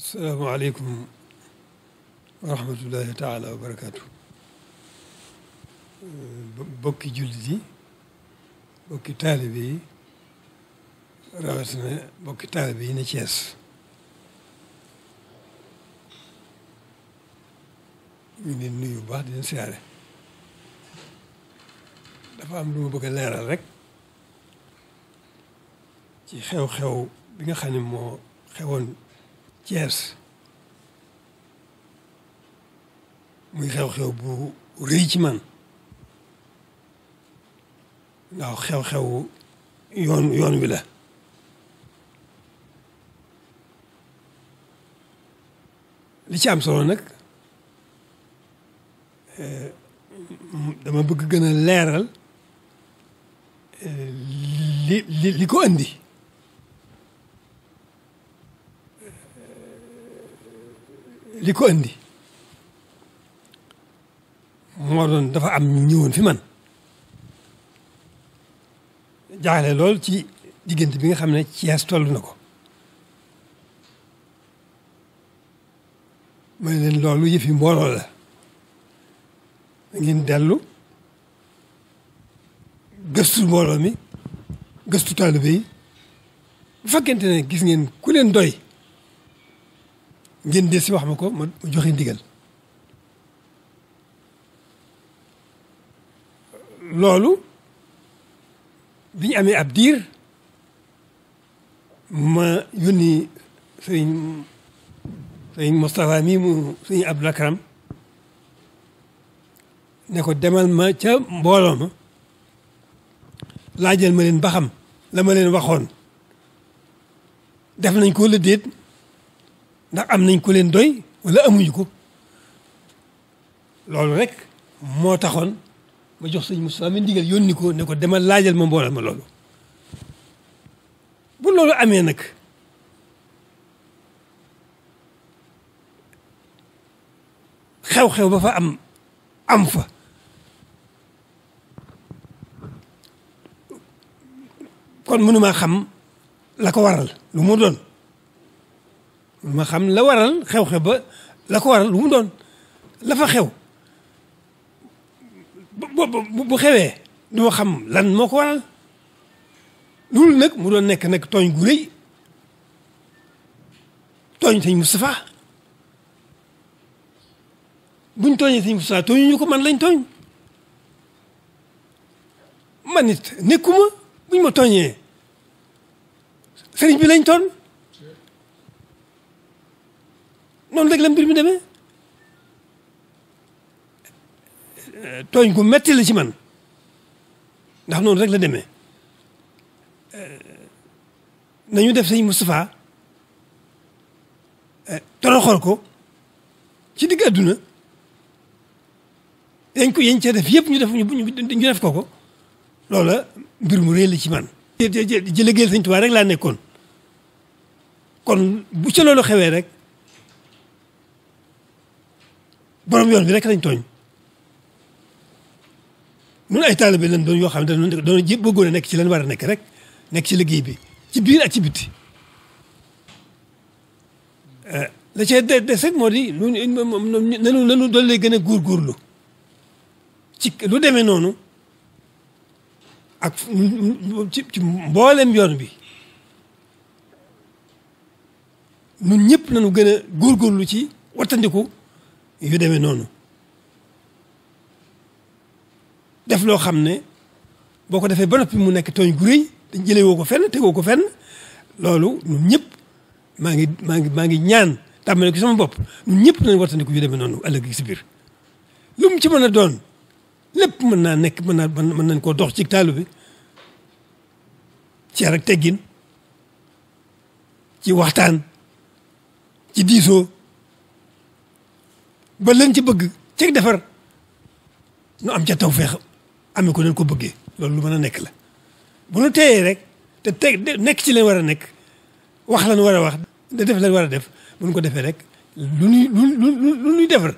السلام عليكم ورحمة الله تعالى وبركاته بوكي جلدي بوكي طالبي رأسنا بوكي طالبي نجاس من النيو بعد نسيارة دفع أمرو بوكي ليرا رك تي خيو خيو بيغا خانمو خيوان Yes. muy xew-xew bu rëy ci man ndax xew-xewu yoon yoon wi la li ci am solo nag dama bëgg gën a leeral li li li ko andi li ko indi moo doon dafa am ñu ñëwoon fi man jaaxle lool ci diggante bi nga xam ne Cees toll na ko ma leen loolu yëfi mbooloo la ngeen dellu gëstu mbooloo gëstu taalibe yi bu fekkente ne gis ngeen ku leen doy ngeen di si wax ma ko ma joxe ndigal loolu bi amee ab diir ma yónni sëriñ sëriñ Moustapha mii mu sëriñ Abdou Lakram ne ko demal ma ca mbooloo ma laajal ma leen ba xam la ma leen waxoon def nañ ko la déet ndax am nañ ko leen doy wala amuñ ko loolu rek moo taxoon ma jox sëñ Moussa mi ndigal yónni ko ne ko demal laajal ma mboolal ma loolu bu loolu amee nag xew-xew ba fa am am fa kon mënumaa xam la ko waral lu mu doon ma xam la waral xew-xew ba la ko waral lu mu doon lafa fa xew bu bu xewee du ma xam lan moo ko waral loolu nag mu doon nekk nekk tooñ gu tooñ sëñ Moustapha buñ tooñee sëñ Moustapha tooñuñu ko man lañ tooñ man it nekkuma buñ ma tooñee sëriñ bi lañ noonu rek la mbir mu demee tooñ gu metti la ci man ndax noonu rek la demee nañu def sëñ Moustapha toroxal ko ci digg adduna yañ ko yañ cee def yëpp ñu def ñu def ko ko loola mbir mu réy la ci man ci liggéeyal sëñ Tuubaa rek laa nekkoon kon bu ci loolu xewee rek borom yoon bi rek lañ tooñ ñun ay taalibe lañ doon yoo xam ne dañu doon bëggoon a nekk ci leen war a nekk rek nekk ci liggéey bi ci biir ak ci biti euh, la cee de des rek moo di nanu nanu doon lay gën a góorgóorlu ci lu demee noonu ak ci ci mboolem yoon bi nun ñëpp nanu gën a góorgóorlu ci wattandiku yu demee noonu def loo xam ne boo ko defee ba noppi mu nekk tooñ gu rëy te woo ko fenn tegoo ko fen loolu ñun ñëpp maa ngi maa ngi maa ngi ñaan tàmmale ko sama bopp ñun ñëpp nañ wattandiku yu demee noonu ëllëg si biir lu mu ci mën a doon lépp mën naa nekk mën naa mën nañ koo dox ci taalu bi ci yar teggin ci waxtaan ci diisoo ba leen ci bëgg ci defar nu am ca tawfeex amee ko nañ ko bëggee loolu lu mën a nekk la bu nu rek te te nekk ci leen war a nekk wax lan war a wax da def lan war a def bu ko defee rek lu nuy lu nuy defar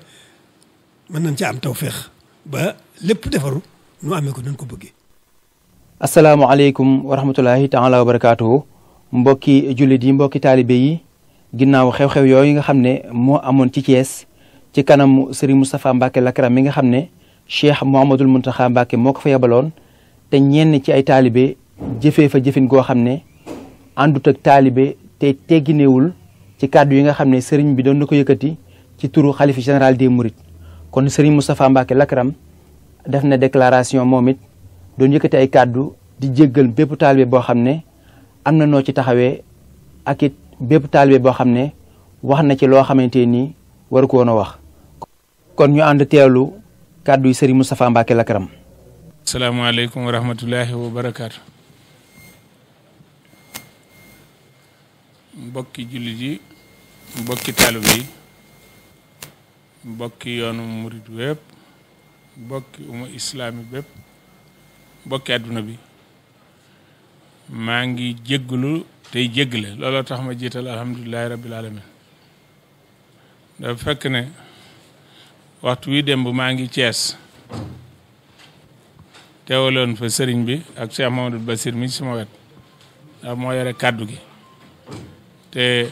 mën nañ ca am tawfeex ba lépp defaru nu amee ko nañ ko bëggee asalaamaaleykum wa rahmatulahi taala wa barakaatuhu mbokki jullit yi mbokki taalibe yi ginnaaw xew-xew yooyu nga xam ne moo amoon ci Thiès ci kanam Serigne Moustapha mbake Lakaram mi nga xamne Cheikh Mouhamadul Mountakha mbake moko fa yebaloon te ñenn ci ay talibé jëfé fa jëfin go xamne andut ak talibé te tégginéwul ci cadre yi nga xamne Serigne bi doon nako yëkëti ci turu khalife général des mourid kon Serigne Moustapha mbake Lakaram def na déclaration momit doon ay cadre di jéggal bép talibé bo xamne amna no ci taxawé akit bép talibé bo xamne waxna ci lo xamanteni war ko wona wax kon ñu ànd teewlu kàddu yi Serigne Moustapha Mbacke Lakaram. salaamaaleykum wa rahmatulahi wa barakaatu. mbokki jullit yi mbokki taalib yi mbokki yoonu murit wépp mbokki uma islaami bépp mbokki àdduna bi maa ngi jégglu tey jéggale looloo tax ma jiital alhamdulilahi rabbil alamin dafa fekk ne waxtu wi démb maa ngi Thiès teewaloon fa sëriñ bi ak Cheikh Mamadou Bassir mi suma wet ndax moo yore kàddu gi te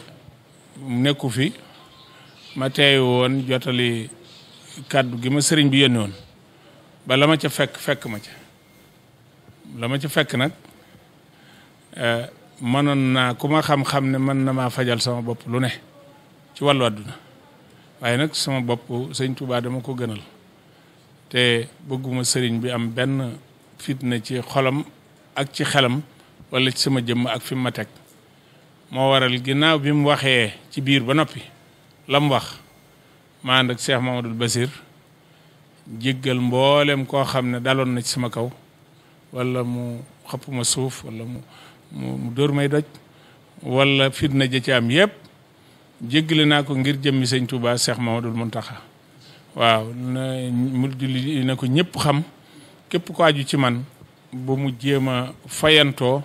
nekku fi ma teew woon jotali kàddu gi ma sëriñ bi yónni woon ba la ma ca fekk fekk ma ca la ma ca fekk nag eh, mënoon naa ku ma xam-xam ne mën na maa fajal sama bopp lu ne ci wàllu àdduna waaye nag sama bopp sëñ Touba dama ko gënal te bëgguma sëriñ bi am benn fitna ci xolam ak ci xelam walla ci sama jëmm ak fi ma teg moo waral ginnaaw bi mu waxee ci biir ba noppi la mu wax ma ànd ak Cheikh Mamadou Basir jéggal mboolem koo xam ne daloon na ci sama kaw wala mu xëpp ma suuf wala mu mu dóor may doj wala fitna ja ci am yépp jéggale naa ko ngir jëmmi sëñ Touba Cheikh Mamadou Mountakha waaw na mu julli na ko ñëpp xam képp ko aju ci man ba mu jéem a fayantoo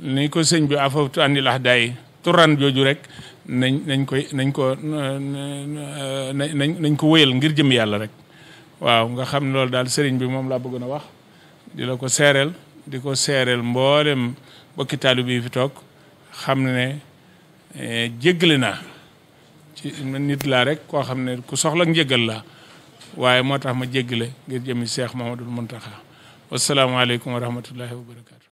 ni ko sëñ bi afawtu andil ax daay turan jooju rek nañ nañ koy nañ ko nañ nañ ko wéyal ngir jëmmi yàlla rek waaw nga xam ne loolu daal sëriñ bi moom laa bëggoon a wax di la ko seereel di ko seereel mboolem bokki taalibe bi fi toog xam ne eh, jéggale naa ci nit laa rek koo xam ne ku soxla njëgal la waaye moo tax ma jéggale ngir ma Cheikh Mahamadul Muntaxa wasalaamaaleykum wa rahmatullahi wa barakaatu